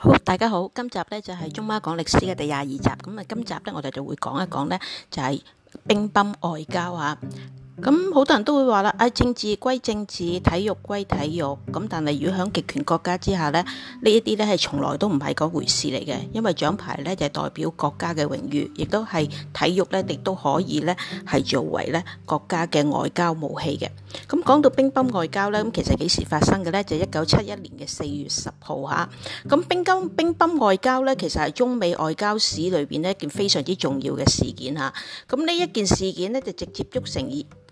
好，大家好，今集呢就係中媽講歷史嘅第廿二集。咁啊，今集呢，我哋就會講一講呢，就係乒乓外交啊。咁好多人都會話啦，啊，政治歸政治，體育歸體育。咁但係如果喺極權國家之下咧，呢一啲咧係從來都唔係嗰回事嚟嘅，因為獎牌咧就係代表國家嘅榮譽，亦都係體育咧亦都可以咧係作為咧國家嘅外交武器嘅。咁講到乒乓外交咧，咁其實幾時發生嘅咧？就係一九七一年嘅四月十號嚇。咁乒乓乒乓外交咧，其實係中美外交史裏面呢一件非常之重要嘅事件嚇。咁呢一件事件咧就直接喐成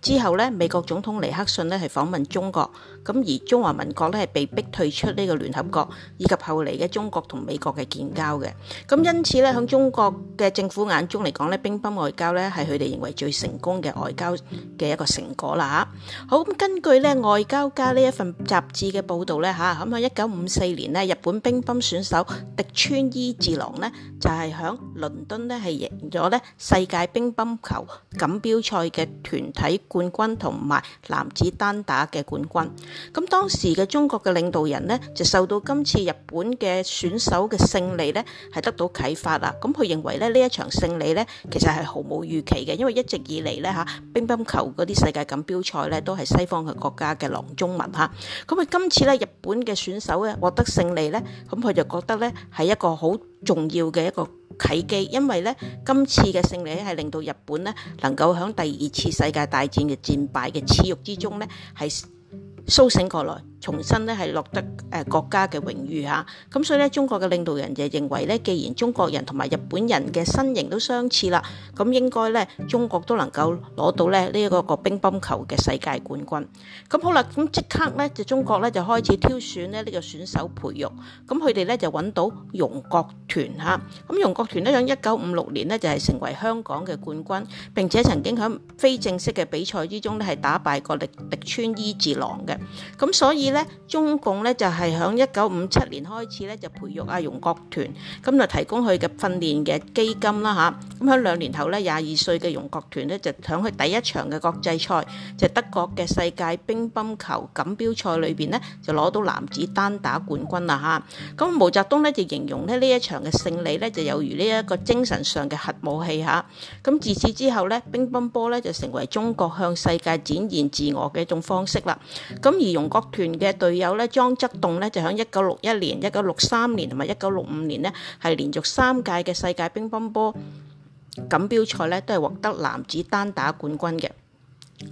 之後呢美國總統尼克遜呢係訪問中國。咁而中華民國咧係被逼退出呢個聯合國，以及後嚟嘅中國同美國嘅建交嘅。咁因此咧，喺中國嘅政府眼中嚟講咧，乒乓外交咧係佢哋認為最成功嘅外交嘅一個成果啦吓。好咁，根據咧外交家呢一份雜誌嘅報導咧吓，咁喺一九五四年呢，日本乒乓選手荻村伊智朗呢，就係喺倫敦呢，係贏咗咧世界乒乓球錦標賽嘅團體冠軍同埋男子單打嘅冠軍。咁當時嘅中國嘅領導人呢，就受到今次日本嘅選手嘅勝利呢，係得到啟發啦。咁佢認為咧，呢一場勝利呢，其實係毫無預期嘅，因為一直以嚟呢，吓乒乓球嗰啲世界錦標賽呢，都係西方嘅國家嘅囊中物吓。咁啊，今次呢，日本嘅選手呢，獲得勝利呢，咁佢就覺得呢，係一個好重要嘅一個契機，因為呢，今次嘅勝利咧係令到日本呢，能夠喺第二次世界大戰嘅戰敗嘅恥辱之中呢。係。甦醒過來，重新咧係獲得誒國家嘅榮譽嚇。咁所以咧，中國嘅領導人就認為咧，既然中國人同埋日本人嘅身形都相似啦，咁應該咧中國都能夠攞到咧呢一個乒乓球嘅世界冠軍。咁好啦，咁即刻咧就中國咧就開始挑選咧呢個選手培育。咁佢哋咧就揾到容國團嚇。咁容國團呢，響一九五六年呢，就係成為香港嘅冠軍，並且曾經喺非正式嘅比賽之中咧係打敗過力力川伊治郎嘅。咁所以咧，中共咧就係響一九五七年開始咧就培育阿容國團，咁就提供佢嘅訓練嘅基金啦吓。咁喺兩年後咧，廿二歲嘅容國團呢，就響佢第一場嘅國際賽，就是、德國嘅世界乒乓球錦標賽裏邊呢，就攞到男子單打冠軍啦吓。咁毛澤東呢，就形容呢，呢一場嘅勝利呢，就有如呢一個精神上嘅核武器吓。咁自此之後呢，乒乓波咧就成為中國向世界展現自我嘅一種方式啦。咁而容國團嘅隊友咧，莊則棟咧就喺一九六一年、一九六三年同埋一九六五年咧，係連續三屆嘅世界乒乓波錦標賽咧，都係獲得男子單打冠軍嘅。咁、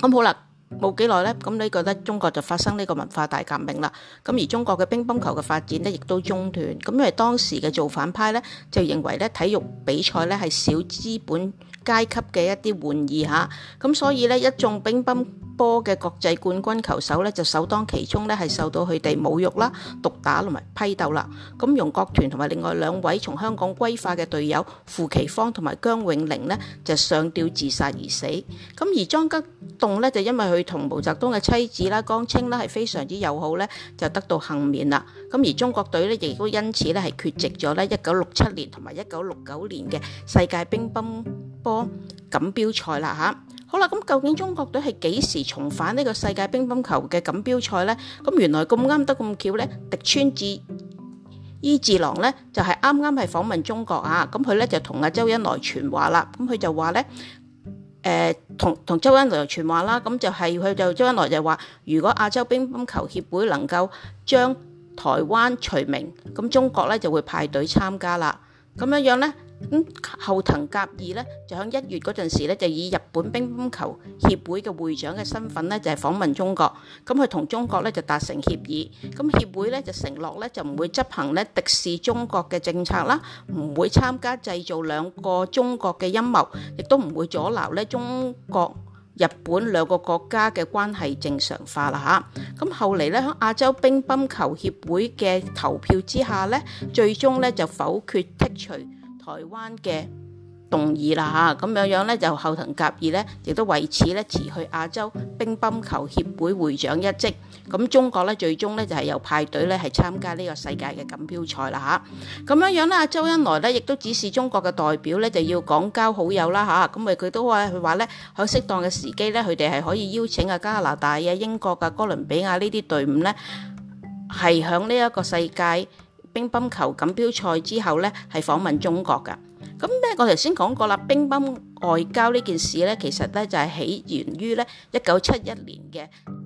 嗯、好啦，冇幾耐呢，咁呢個呢中國就發生呢個文化大革命啦。咁而中國嘅乒乓球嘅發展呢，亦都中斷。咁因為當時嘅造反派呢，就認為咧體育比賽咧係小資本階級嘅一啲玩意嚇，咁所以呢，一眾乒乓。波嘅國際冠軍球手咧，就首當其衝咧，係受到佢哋侮辱啦、毒打同埋批鬥啦。咁容國團同埋另外兩位從香港歸化嘅隊友傅其芳同埋姜永寧咧，就上吊自殺而死。咁而莊吉棟咧，就因為佢同毛澤東嘅妻子啦江青啦係非常之友好咧，就得到幸免啦。咁而中國隊咧亦都因此咧係缺席咗咧一九六七年同埋一九六九年嘅世界乒乓波錦標賽啦嚇。好啦，咁究竟中國隊係幾時重返呢個世界乒乓球嘅錦標賽呢？咁原來咁啱得咁巧呢，荻村伊智朗呢，就係啱啱係訪問中國啊！咁佢呢，就同阿周恩來傳話啦。咁佢就話呢，誒、呃、同同周恩來傳話啦。咁就係、是、佢就周恩來就話，如果亞洲乒乓球協會能夠將台灣除名，咁中國呢，就會派隊參加啦。咁樣樣呢。咁後藤甲二咧就喺一月嗰陣時咧就以日本乒乓球協會嘅會長嘅身份咧就係訪問中國。咁佢同中國咧就達成協議，咁協會咧就承諾咧就唔會執行咧敵視中國嘅政策啦，唔會參加製造兩個中國嘅陰謀，亦都唔會阻撓咧中國日本兩個國家嘅關係正常化啦嚇。咁後嚟咧喺亞洲乒乓球協會嘅投票之下咧，最終咧就否決剔除台灣嘅動議啦嚇，咁樣樣咧就後藤甲二呢，亦都為此咧辭去亞洲乒乓球協會會長一職。咁中國咧最終咧就係、是、由派隊咧係參加呢個世界嘅錦標賽啦嚇。咁樣樣咧，周恩來咧亦都指示中國嘅代表咧就要廣交好友啦嚇。咁咪佢都話佢話咧，喺適當嘅時機咧，佢哋係可以邀請啊加拿大啊英國啊哥倫比亞呢啲隊伍咧，係響呢一個世界。乒乓球錦標賽之後咧，係訪問中國噶。咁咧，我頭先講過啦，乒乓外交呢件事咧，其實咧就係起源於咧一九七一年嘅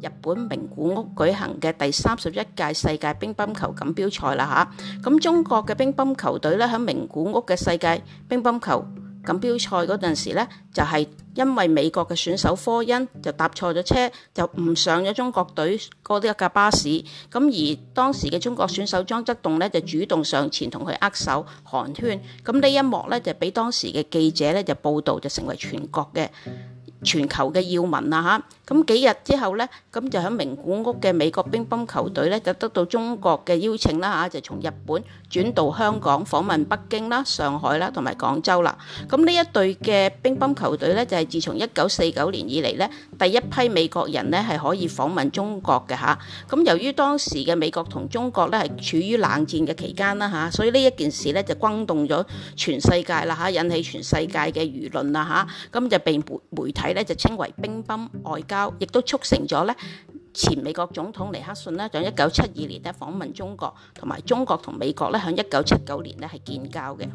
日本名古屋舉行嘅第三十一屆世界乒乓球錦標賽啦吓，咁中國嘅乒乓球隊咧喺名古屋嘅世界乒乓球錦標賽嗰陣時呢，就係因為美國嘅選手科恩就搭錯咗車，就唔上咗中國隊嗰一架巴士，咁而當時嘅中國選手莊則棟呢，就主動上前同佢握手寒暄，咁呢一幕呢，就俾當時嘅記者呢，就報導，就成為全國嘅。全球嘅要聞啦吓，咁幾日之後咧，咁就響名古屋嘅美國乒乓球隊咧，就得到中國嘅邀請啦吓，就從日本轉到香港訪問北京啦、上海啦同埋廣州啦。咁呢一隊嘅乒乓球隊咧，就係、是、自從一九四九年以嚟咧，第一批美國人咧係可以訪問中國嘅吓，咁由於當時嘅美國同中國咧係處於冷戰嘅期間啦吓，所以呢一件事咧就轟動咗全世界啦吓，引起全世界嘅輿論啦吓，咁就被媒媒體。呢就稱為乒乓外交，亦都促成咗呢前美國總統尼克遜呢喺一九七二年呢訪問中國，同埋中國同美國呢喺一九七九年呢係建交嘅。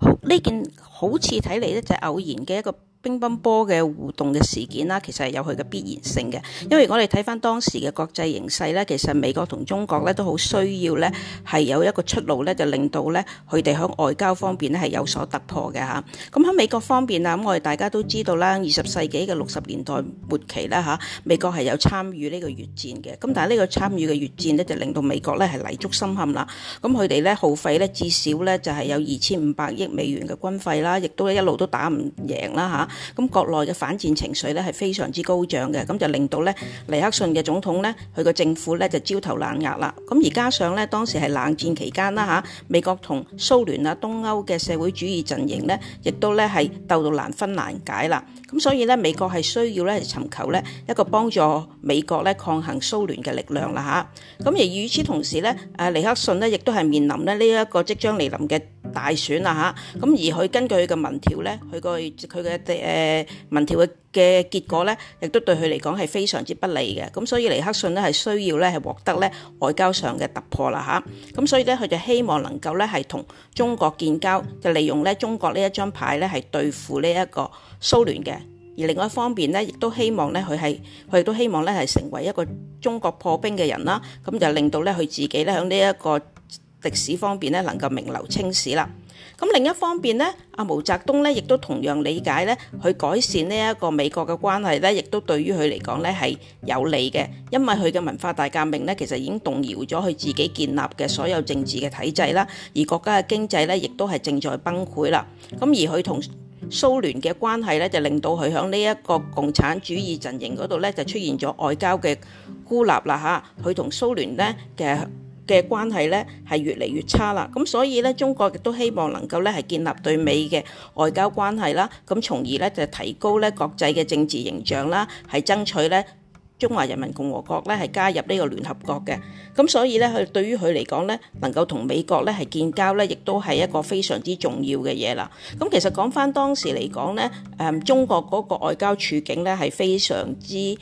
好，呢件好似睇嚟呢就係偶然嘅一個乒乓波嘅互動嘅事件啦，其實係有佢嘅必然性嘅。因為我哋睇翻當時嘅國際形勢咧，其實美國同中國咧都好需要咧係有一個出路咧，就令到咧佢哋喺外交方面咧係有所突破嘅嚇。咁喺美國方面啊，咁我哋大家都知道啦，二十世紀嘅六十年代末期啦嚇，美國係有參與呢個越戰嘅。咁但係呢個參與嘅越戰咧，就令到美國咧係黎足深陷啦。咁佢哋咧耗費咧至少咧就係有二千五百億美元嘅軍費啦，亦都一路都打唔贏啦嚇。咁國內嘅反戰情緒咧係非常之高漲嘅，咁就令到咧尼克遜嘅總統咧，佢個政府咧就焦頭爛額啦。咁而加上咧當時係冷戰期間啦嚇，美國同蘇聯啊東歐嘅社會主義陣營咧，亦都咧係鬥到難分難解啦。咁所以咧美國係需要咧尋求咧一個幫助美國咧抗衡蘇聯嘅力量啦嚇。咁而與此同時咧，阿尼克遜咧亦都係面臨咧呢一個即將嚟臨嘅。大選啦嚇，咁而佢根據佢嘅民調咧，佢個佢嘅誒民調嘅嘅結果咧，亦都對佢嚟講係非常之不利嘅。咁所以尼克遜咧係需要咧係獲得咧外交上嘅突破啦嚇。咁所以咧佢就希望能夠咧係同中國建交，就利用咧中國呢一張牌咧係對付呢一個蘇聯嘅。而另外一方面咧，亦都希望咧佢係佢亦都希望咧係成為一個中國破冰嘅人啦。咁就令到咧佢自己咧喺呢一個。歷史方面咧，能夠名留青史啦。咁另一方面呢，阿毛澤東咧，亦都同樣理解咧，佢改善呢一個美國嘅關係咧，亦都對於佢嚟講咧係有利嘅，因為佢嘅文化大革命咧，其實已經動搖咗佢自己建立嘅所有政治嘅體制啦，而國家嘅經濟咧，亦都係正在崩潰啦。咁而佢同蘇聯嘅關係咧，就令到佢喺呢一個共產主義陣營嗰度咧，就出現咗外交嘅孤立啦。嚇，佢同蘇聯呢嘅。嘅關係咧係越嚟越差啦，咁所以咧，中國亦都希望能夠咧係建立對美嘅外交關係啦，咁從而咧就提高咧國際嘅政治形象啦，係爭取咧。中華人民共和國咧係加入呢個聯合國嘅，咁所以咧佢對於佢嚟講咧，能夠同美國咧係建交咧，亦都係一個非常之重要嘅嘢啦。咁其實講返當時嚟講咧，中國嗰個外交處境咧係非常之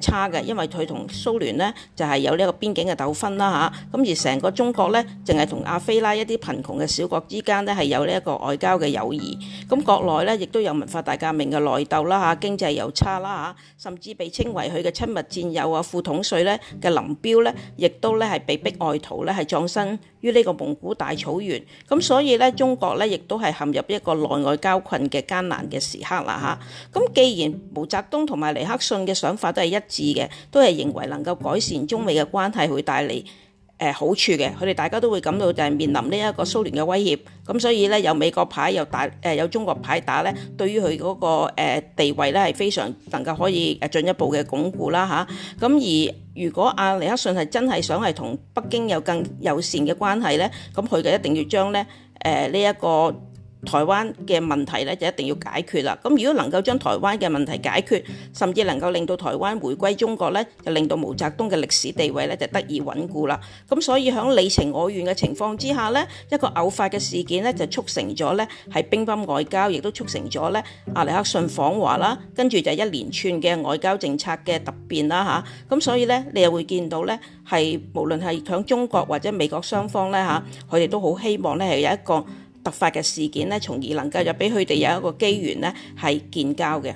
差嘅，因為佢同蘇聯呢就係有呢一個邊境嘅糾紛啦吓，咁而成個中國咧淨係同亞非拉一啲貧窮嘅小國之間咧係有呢一個外交嘅友誼。咁國內咧亦都有文化大革命嘅內鬥啦吓，經濟又差啦吓，甚至被稱為佢嘅親密戰友啊，副統帥咧嘅林彪咧，亦都咧係被逼外逃咧，係葬身於呢個蒙古大草原。咁所以咧，中國咧亦都係陷入一個內外交困嘅艱難嘅時刻啦嚇。咁既然毛澤東同埋尼克遜嘅想法都係一致嘅，都係認為能夠改善中美嘅關係會帶嚟。誒、呃、好處嘅，佢哋大家都會感到就係面臨呢一個蘇聯嘅威脅，咁所以咧有美國牌，有打，呃、有中國牌打咧，對於佢嗰，那個、呃、地位咧係非常能夠可以誒進一步嘅鞏固啦咁，啊、而如果阿尼克遜係真係想係同北京有更友善嘅關係咧，咁佢就一定要將咧誒呢一、呃這個，台灣嘅問題咧就一定要解決啦。咁如果能夠將台灣嘅問題解決，甚至能夠令到台灣回歸中國咧，就令到毛澤東嘅歷史地位咧就得以穩固啦。咁所以喺你情我願嘅情況之下咧，一個偶發嘅事件咧就促成咗咧係乒乓外交，亦都促成咗咧阿尼克遜訪華啦。跟住就一連串嘅外交政策嘅突變啦吓，咁所以咧你又會見到咧係無論係喺中國或者美國雙方咧吓，佢哋都好希望咧係有一個。突發嘅事件咧，從而能夠就俾佢哋有一個機緣咧，係建交嘅。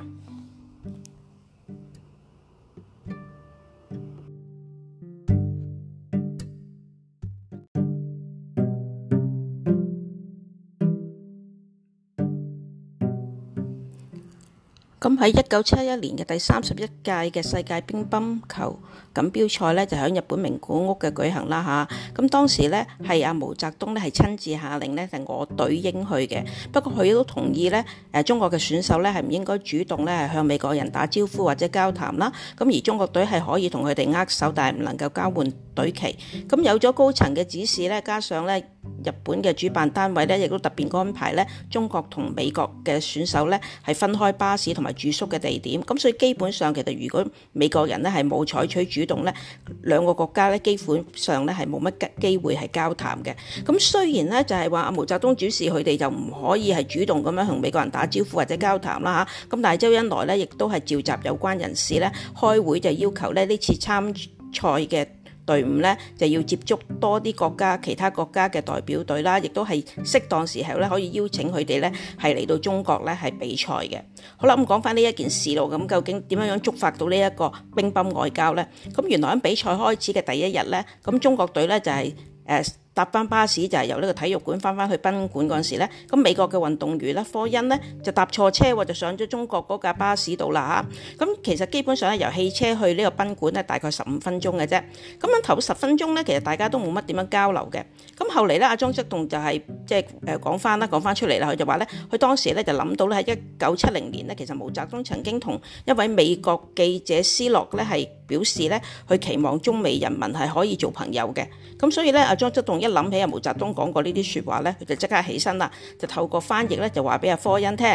咁喺一九七一年嘅第三十一屆嘅世界乒乓球錦標賽咧，就喺日本名古屋嘅舉行啦吓，咁當時咧，係阿、啊、毛澤東咧係親自下令咧，係我隊應去嘅。不過佢都同意咧、啊，中國嘅選手咧係唔應該主動咧係向美國人打招呼或者交談啦。咁、啊、而中國隊係可以同佢哋握手，但係唔能夠交換隊旗。咁有咗高層嘅指示咧，加上咧日本嘅主辦單位咧，亦都特別安排咧，中國同美國嘅選手咧係分開巴士同埋。住宿嘅地點，咁所以基本上其實如果美國人咧係冇採取主動咧，兩個國家咧基本上咧係冇乜機會係交談嘅。咁雖然咧就係話啊，毛澤東指示佢哋就唔可以係主動咁樣同美國人打招呼或者交談啦吓，咁但係周恩來咧亦都係召集有關人士咧開會就要求咧呢次參賽嘅。隊伍咧就要接觸多啲國家，其他國家嘅代表隊啦，亦都係適當時候咧可以邀請佢哋咧係嚟到中國咧係比賽嘅。好啦，咁講返呢一件事咯，咁究竟點樣樣觸發到呢一個乒乓外交咧？咁原來喺比賽開始嘅第一日咧，咁中國隊咧就係誒。搭翻巴士就係、是、由呢個體育館翻翻去賓館嗰陣時咧，咁美國嘅運動員咧，科恩咧就搭錯車喎，就上咗中國嗰架巴士度啦嚇。咁其實基本上咧，由汽車去呢個賓館咧，大概十五分鐘嘅啫。咁頭十分鐘咧，其實大家都冇乜點樣交流嘅。咁後嚟咧，阿莊則棟就係即係誒講翻啦，講翻出嚟啦，佢就話咧，佢當時咧就諗到咧，喺一九七零年咧，其實毛澤東曾經同一位美國記者斯諾咧係表示咧，佢期望中美人民係可以做朋友嘅。咁所以咧，阿莊則棟一諗起阿毛澤東講過呢啲說話咧，佢就即刻起身啦，就透過翻譯咧就話俾阿科恩聽，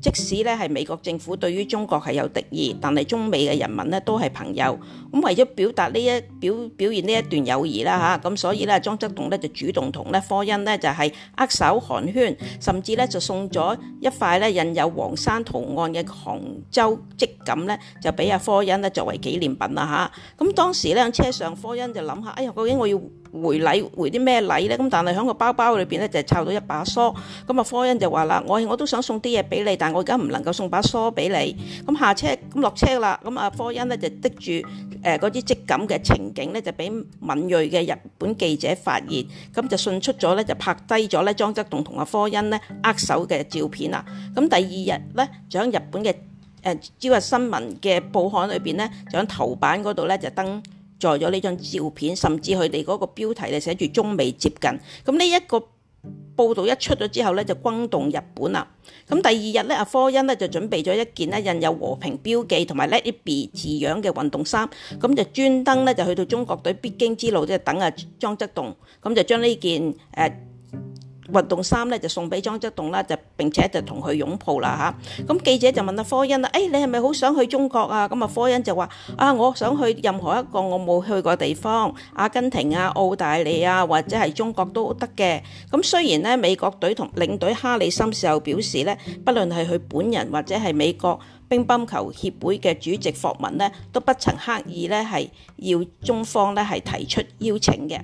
即使咧係美國政府對於中國係有敵意，但係中美嘅人民咧都係朋友。咁為咗表達呢一表表現呢一段友誼啦吓，咁、啊、所以咧，莊則棟咧就主動同咧科恩呢就係、是、握手寒暄，甚至咧就送咗一塊咧印有黃山圖案嘅杭州織錦咧，就俾阿科恩咧作為紀念品啦吓。咁、啊、當時咧喺車上，科恩就諗下，哎呀，究竟我要？回禮回啲咩禮咧？咁但係喺個包包裏面咧就摷到一把梳，咁阿科恩就話啦：我我都想送啲嘢俾你，但我而家唔能夠送把梳俾你。咁下車咁落車啦，咁阿科恩咧就滴住嗰啲即感嘅情景咧，就俾敏鋭嘅日本記者發現，咁就迅速咗咧就拍低咗咧莊則棟同阿科恩咧握手嘅照片啦，咁第二日咧就喺日本嘅誒朝日新聞嘅報刊裏面咧就喺頭版嗰度咧就登載咗呢張照片，甚至佢哋嗰個標題咧寫住中美接近，咁呢一個報道一出咗之後咧，就轟動日本啦。咁第二日咧，阿科恩咧就準備咗一件咧印有和平標記同埋 Let It Be 字樣嘅運動衫，咁就專登咧就去到中國隊必經之路即係、就是、等阿莊則棟，咁就將呢件誒。呃運動衫咧就送俾莊則棟啦，就並且就同佢擁抱啦嚇。咁記者就問阿科恩啦，誒、哎、你係咪好想去中國說啊？咁啊科恩就話啊，我想去任何一個我冇去過的地方，阿根廷啊、澳大利亞或者係中國都得嘅。咁雖然咧美國隊同領隊哈里森事後表示咧，不論係佢本人或者係美國乒乓球協會嘅主席霍文呢，都不曾刻意咧係要中方咧係提出邀請嘅。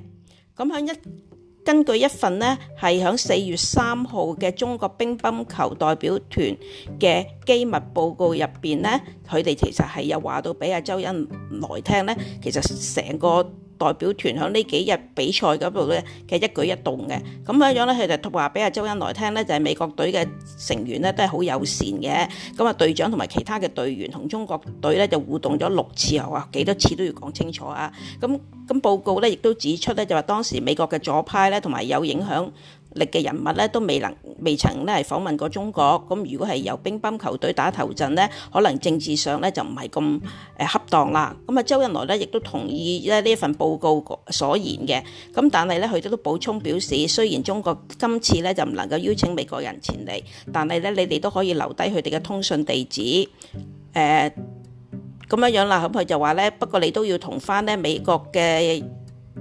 咁喺一根據一份，呢係響四月三號嘅中國乒乓球代表團嘅機密報告入邊呢，佢哋其實係有話到俾阿周恩來聽呢，其實成個。代表團響呢幾日比賽嗰度咧，其實一舉一動嘅，咁樣樣咧，佢就話俾阿周恩來聽咧，就係、是、美國隊嘅成員咧都係好友善嘅，咁啊隊長同埋其他嘅隊員同中國隊咧就互動咗六次，後啊，幾多次都要講清楚啊，咁咁報告咧亦都指出咧就話、是、當時美國嘅左派咧同埋有影響力嘅人物咧都未能未曾咧係訪問過中國，咁如果係由乒乓球隊打頭陣咧，可能政治上咧就唔係咁誒恰當啦。咁啊，周恩來咧亦都同意咧呢一份報告所言嘅，咁但係咧佢都都補充表示，雖然中國今次咧就唔能夠邀請美國人前嚟，但係咧你哋都可以留低佢哋嘅通訊地址，誒、呃，咁樣樣啦。咁佢就話咧，不過你都要同翻咧美國嘅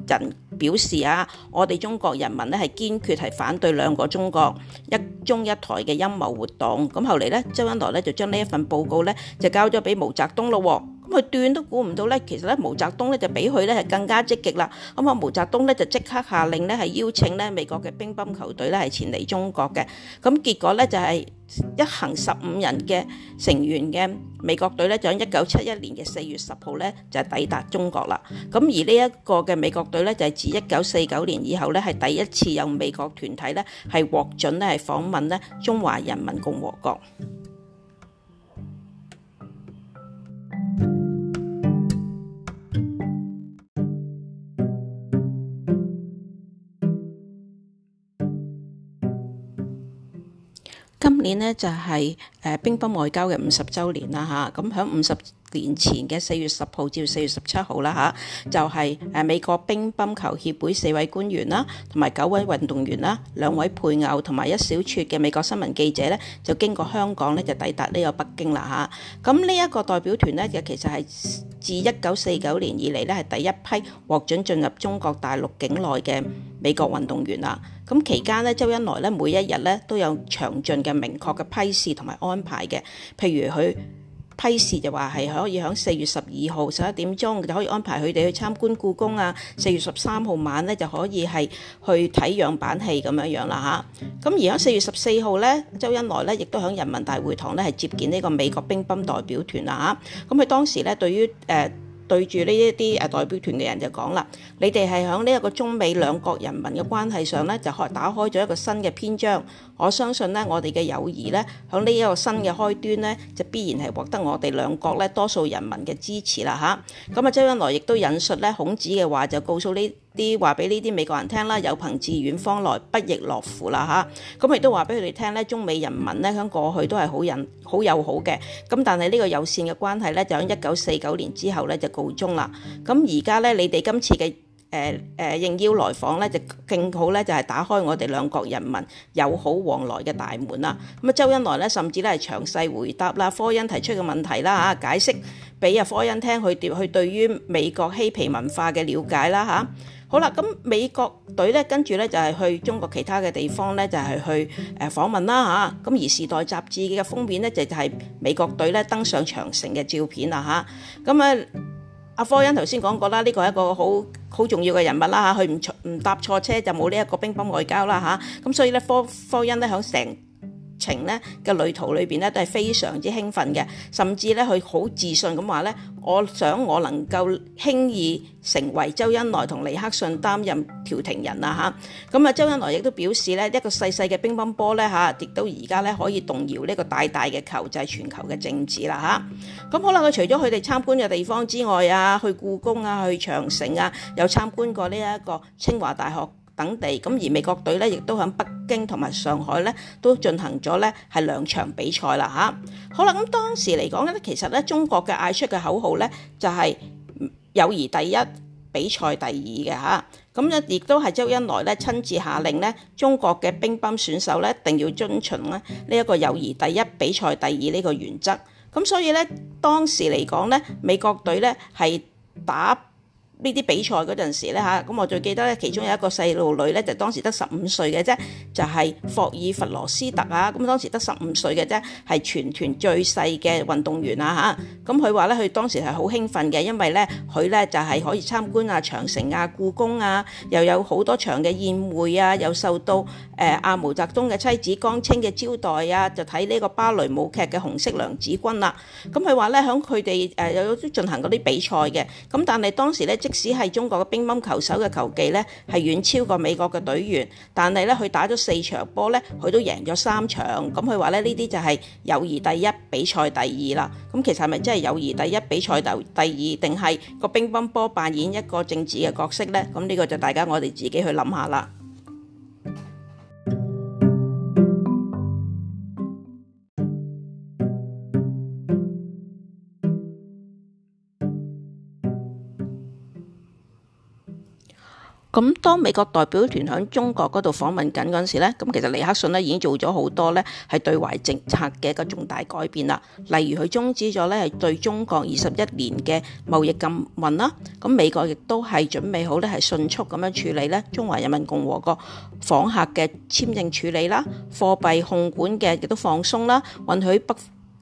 人，表示啊，我哋中國人民呢，係堅決係反對兩個中國、一中一台嘅陰謀活動。咁後嚟呢，周恩來呢，就將呢一份報告呢，就交咗俾毛澤東咯。咁佢斷都估唔到咧，其實咧毛澤東咧就比佢咧係更加積極啦。咁啊，毛澤東咧就即刻下令咧係邀請咧美國嘅乒乓球隊咧係前嚟中國嘅。咁結果咧就係一行十五人嘅成員嘅美國隊咧，就喺一九七一年嘅四月十號咧就係抵達中國啦。咁而呢一個嘅美國隊咧就係自一九四九年以後咧係第一次有美國團體咧係獲准咧係訪問咧中華人民共和國。呢就係誒乒乓外交嘅五十周年啦嚇，咁喺五十年前嘅四月十號至四月十七號啦嚇，就係、是、誒美國乒乓球協會四位官員啦，同埋九位運動員啦，兩位配偶同埋一小撮嘅美國新聞記者咧，就經過香港咧就抵達呢個北京啦嚇。咁呢一個代表團咧，其實係自一九四九年以嚟咧係第一批獲准進入中國大陸境內嘅。美國運動員啦，咁期間咧，周恩來咧每一日咧都有詳盡嘅明確嘅批示同埋安排嘅，譬如佢批示就話係可以響四月十二號十一點鐘就可以安排佢哋去參觀故宮啊，四月十三號晚咧就可以係去睇樣板戲咁樣樣啦嚇。咁而喺四月十四號咧，周恩來咧亦都喺人民大會堂咧係接見呢個美國乒乓代表團啦嚇。咁佢當時咧對於誒。呃對住呢一啲誒代表團嘅人就講啦，你哋係響呢一個中美兩國人民嘅關係上咧，就開打開咗一個新嘅篇章。我相信咧，我哋嘅友誼咧，響呢一個新嘅開端咧，就必然係獲得我哋兩國咧多數人民嘅支持啦吓，咁啊，周恩來亦都引述咧孔子嘅話，就告訴呢。啲話俾呢啲美國人聽啦，有朋自遠方來，不亦樂乎啦吓，咁亦都話俾佢哋聽咧，中美人民咧響過去都係好友好友好嘅。咁但係呢個友善嘅關係咧，就響一九四九年之後咧就告終啦。咁而家咧，你哋今次嘅誒誒應邀來訪咧，就更好咧，就係打開我哋兩國人民友好往來嘅大門啦。咁啊，周恩來咧甚至咧係詳細回答啦，科恩提出嘅問題啦嚇，解釋俾啊科恩聽佢對佢對於美國嬉皮文化嘅了解啦嚇。好啦，咁美國隊咧跟住咧就係去中國其他嘅地方咧，就係去誒訪問啦嚇。咁而時代雜誌嘅封面咧就係美國隊咧登上長城嘅照片啦嚇。咁啊，阿科恩頭先講過啦，呢個係一個好好重要嘅人物啦嚇。佢唔唔搭錯車就冇呢一個乒乓外交啦嚇。咁所以咧科科恩咧喺成情咧嘅旅途裏面咧都係非常之興奮嘅，甚至咧佢好自信咁話咧，我想我能夠輕易成為周恩來同尼克遜擔任調停人啊嚇！咁啊，周恩來亦都表示咧，一個細細嘅乒乓波咧嚇，亦都而家咧可以動搖呢個大大嘅球就係全球嘅政治啦嚇！咁可能佢除咗佢哋參觀嘅地方之外啊，去故宮啊，去長城啊，有參觀過呢一個清華大學。等地，咁而美國隊咧，亦都喺北京同埋上海咧，都進行咗咧係兩場比賽啦吓，好啦，咁、嗯、當時嚟講咧，其實咧中國嘅嗌出嘅口號咧，就係、是、友誼第一，比賽第二嘅吓，咁咧亦都係周恩來咧親自下令咧，中國嘅乒乓選手咧，一定要遵循咧呢一個友誼第一，比賽第二呢個原則。咁、嗯、所以咧，當時嚟講咧，美國隊咧係打。呢啲比賽嗰陣時咧嚇，咁我最記得咧，其中有一個細路女咧，就是、當時得十五歲嘅啫，就係、是、霍爾弗羅斯特啊，咁當時得十五歲嘅啫，係全團最細嘅運動員啊嚇。咁佢話咧，佢當時係好興奮嘅，因為咧，佢咧就係可以參觀啊長城啊、故宮啊，又有好多場嘅宴會啊，又受到阿、呃、毛澤東嘅妻子江青嘅招待啊，就睇呢個芭蕾舞劇嘅《紅色娘子軍》啦。咁佢話咧，響佢哋誒有進行嗰啲比賽嘅，咁但係當時咧。即使係中國嘅乒乓球手嘅球技咧，係遠超過美國嘅隊員，但係咧佢打咗四場波咧，佢都贏咗三場。咁佢話咧，呢啲就係友誼第一，比賽第二啦。咁其實係咪真係友誼第一，比賽第第二，定係個乒乓波扮演一個政治嘅角色咧？咁呢個就大家我哋自己去諗下啦。咁當美國代表團響中國嗰度訪問緊嗰陣時咧，咁其實尼克遜咧已經做咗好多咧，係對華政策嘅一個重大改變啦。例如佢中止咗咧係對中國二十一年嘅貿易禁運啦。咁美國亦都係準備好咧係迅速咁樣處理咧中華人民共和國訪客嘅簽證處理啦，貨幣控管嘅亦都放鬆啦，允許北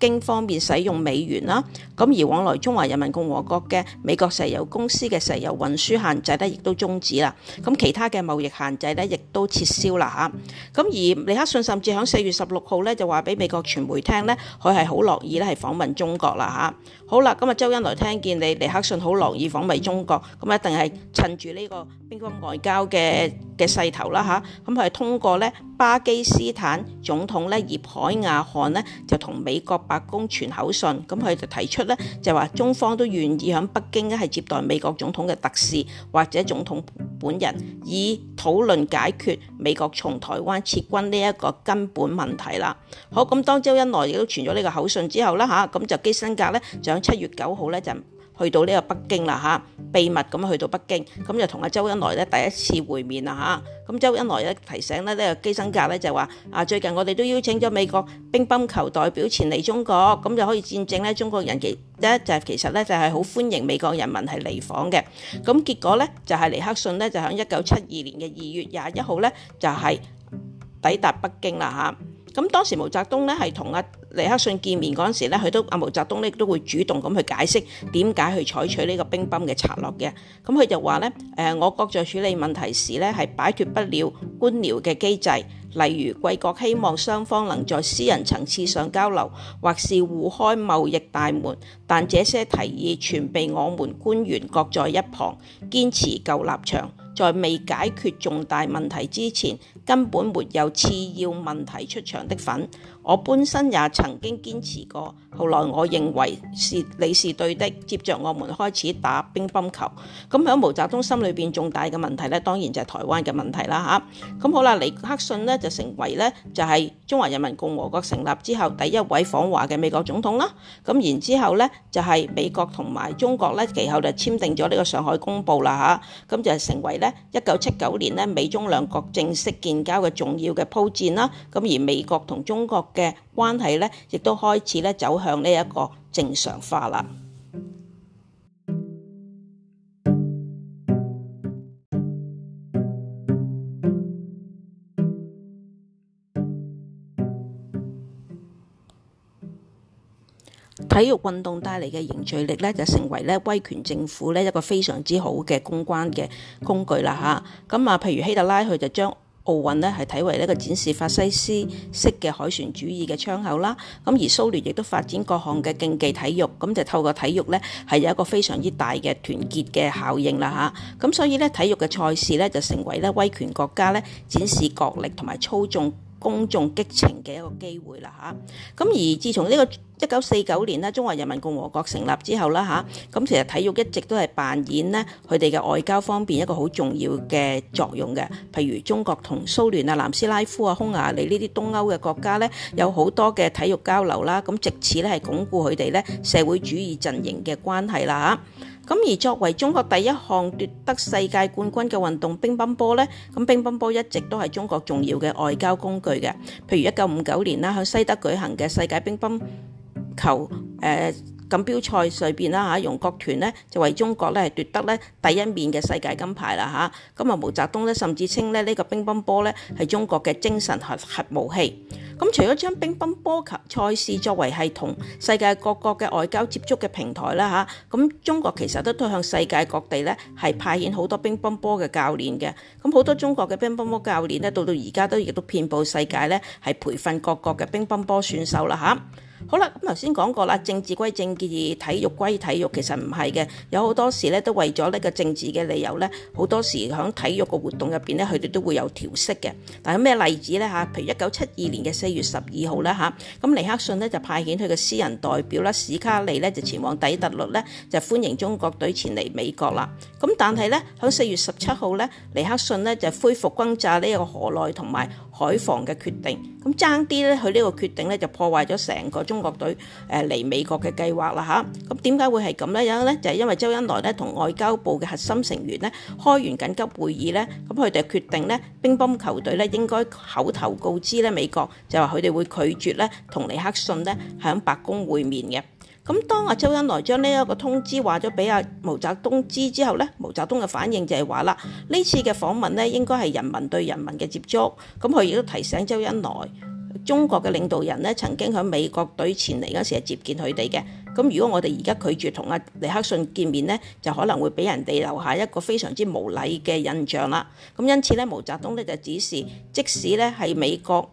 經方面使用美元啦，咁而往來中華人民共和國嘅美國石油公司嘅石油運輸限制咧，亦都終止啦。咁其他嘅貿易限制咧，亦都撤銷啦吓。咁而尼克遜甚至響四月十六號咧，就話俾美國傳媒聽咧，佢係好樂意咧係訪問中國啦吓。好啦，咁啊，周恩來聽見你尼克遜好樂意訪問中國，咁一定係趁住呢個乒乓外交嘅嘅勢頭啦吓。咁佢係通過咧巴基斯坦總統咧葉海亞汗呢，就同美國白宮傳口信，咁佢就提出咧，就話中方都願意喺北京咧係接待美國總統嘅特使或者總統本人，以討論解決美國從台灣撤軍呢一個根本問題啦。好，咁當周恩來亦都傳咗呢個口信之後啦，吓咁就基辛格咧就喺七月九號咧就。去到呢個北京啦嚇，秘密咁去到北京，咁就同阿周恩來咧第一次會面啦嚇。咁周恩來咧提醒咧呢個基辛格咧就話，啊最近我哋都邀請咗美國乒乓球代表前嚟中國，咁就可以見證咧中國人其一就係其實咧就係好歡迎美國人民係嚟訪嘅。咁結果咧就係尼克遜咧就喺一九七二年嘅二月廿一號咧就係抵達北京啦嚇。咁當時毛澤東咧係同阿尼克遜見面嗰陣時咧，佢都阿毛澤東咧都會主動咁去解釋點解去採取呢個乒乓嘅策略嘅。咁佢就話咧：誒，我國在處理問題時咧係擺脱不了官僚嘅機制，例如貴國希望雙方能在私人層次上交流，或是互開貿易大門，但這些提議全被我們官員擱在一旁，堅持舊立場。在未解決重大問題之前，根本沒有次要問題出場的份。我本身也曾經堅持過，後來我認為是你是對的。接著我們開始打乒乓球。咁喺毛澤東心裏邊重大嘅問題咧，當然就係台灣嘅問題啦嚇。咁好啦，尼克遜咧就成為咧就係、是、中華人民共和國成立之後第一位訪華嘅美國總統啦。咁然之後咧就係、是、美國同埋中國咧，其後就簽訂咗呢個上海公報啦嚇。咁就係成為咧一九七九年咧美中兩國正式建交嘅重要嘅鋪墊啦。咁而美國同中國。嘅關係呢，亦都開始咧走向呢一個正常化啦。體育運動帶嚟嘅凝聚力呢，就成為咧威權政府咧一個非常之好嘅公關嘅工具啦吓，咁啊，譬如希特拉佢就將奧運呢係睇為一個展示法西斯式嘅凱旋主義嘅窗口啦，咁而蘇聯亦都發展各項嘅競技體育，咁就透過體育呢係有一個非常之大嘅團結嘅效應啦吓，咁所以呢體育嘅賽事呢就成為呢威權國家呢展示國力同埋操縱公眾激情嘅一個機會啦吓，咁而自從呢個一九四九年呢，中華人民共和國成立之後啦吓，咁其實體育一直都係扮演呢佢哋嘅外交方面一個好重要嘅作用嘅，譬如中國同蘇聯啊、南斯拉夫啊、匈牙利呢啲東歐嘅國家呢，有好多嘅體育交流啦，咁藉此咧係鞏固佢哋呢社會主義陣營嘅關係啦吓。咁而作為中國第一項奪得世界冠軍嘅運動乒乓波咧，咁乒乓波一直都係中國重要嘅外交工具嘅。譬如一九五九年啦，喺西德舉行嘅世界乒乓球，呃錦標賽上邊啦嚇，容國團咧就為中國咧係奪得咧第一面嘅世界金牌啦嚇。咁啊，毛澤東咧甚至稱咧呢個乒乓波咧係中國嘅精神核核武器。咁除咗將乒乓波及賽事作為係同世界各國嘅外交接觸嘅平台啦嚇，咁中國其實都推向世界各地咧係派遣好多乒乓波嘅教練嘅。咁好多中國嘅乒乓波教練呢，到到而家都亦都遍佈世界咧係培訓各國嘅乒乓波選手啦嚇。好啦，咁頭先講過啦，政治歸政治，體育歸體育，其實唔係嘅，有好多時咧都為咗呢個政治嘅理由咧，好多時喺體育個活動入面咧，佢哋都會有調適嘅。但係咩例子咧吓，譬如一九七二年嘅四月十二號啦吓，咁尼克遜咧就派遣佢嘅私人代表啦史卡利咧就前往底特律咧，就歡迎中國隊前嚟美國啦。咁但係咧喺四月十七號咧，尼克遜咧就恢復轟炸呢個河內同埋海防嘅決定。咁爭啲咧，佢呢個決定咧就破壞咗成個中國隊誒嚟美國嘅計劃啦吓，咁點解會係咁咧？有一咧就係因為周恩來咧同外交部嘅核心成員咧開完緊急會議咧，咁佢哋決定咧乒乓球隊咧應該口頭告知咧美國，就話佢哋會拒絕咧同尼克遜咧喺白宮會面嘅。咁當阿周恩來將呢一個通知話咗俾阿毛澤東知之後咧，毛澤東嘅反應就係話啦，呢次嘅訪問咧應該係人民對人民嘅接觸，咁佢亦都提醒周恩來，中國嘅領導人咧曾經喺美國隊前嚟嗰時係接見佢哋嘅，咁如果我哋而家拒絕同阿尼克遜見面咧，就可能會俾人哋留下一個非常之無禮嘅印象啦。咁因此咧，毛澤東咧就指示，即使咧係美國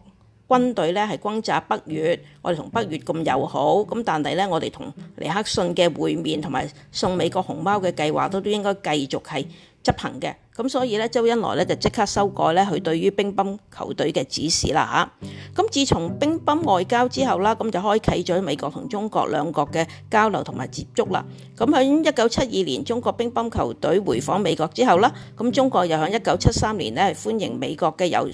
軍隊咧係轟炸北越，我哋同北越咁友好，咁但係咧我哋同尼克遜嘅會面同埋送美國熊貓嘅計劃都應該繼續係執行嘅，咁所以咧周恩來咧就即刻修改咧佢對於乒乓球隊嘅指示啦嚇，咁自從乒乓外交之後啦，咁就開啟咗美國同中國兩國嘅交流同埋接觸啦，咁喺一九七二年中國乒乓球隊回訪美國之後啦，咁中國又喺一九七三年咧歡迎美國嘅遊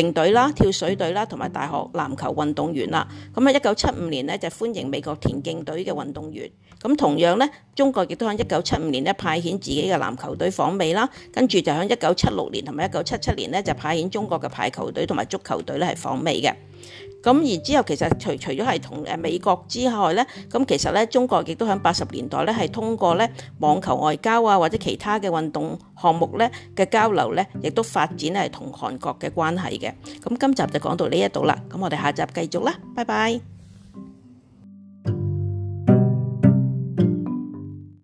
泳隊啦、跳水隊啦，同埋大學籃球運動員啦。咁啊，一九七五年呢，就歡迎美國田徑隊嘅運動員。咁同樣呢，中國亦都喺一九七五年呢，派遣自己嘅籃球隊訪美啦。跟住就喺一九七六年同埋一九七七年呢，就派遣中國嘅排球隊同埋足球隊咧係訪美嘅。咁然之後，其實除除咗係同誒美國之外咧，咁其實咧中國亦都喺八十年代咧，係通過咧網球外交啊，或者其他嘅運動項目咧嘅交流咧，亦都發展係同韓國嘅關係嘅。咁今集就講到呢一度啦，咁我哋下集繼續啦，拜拜。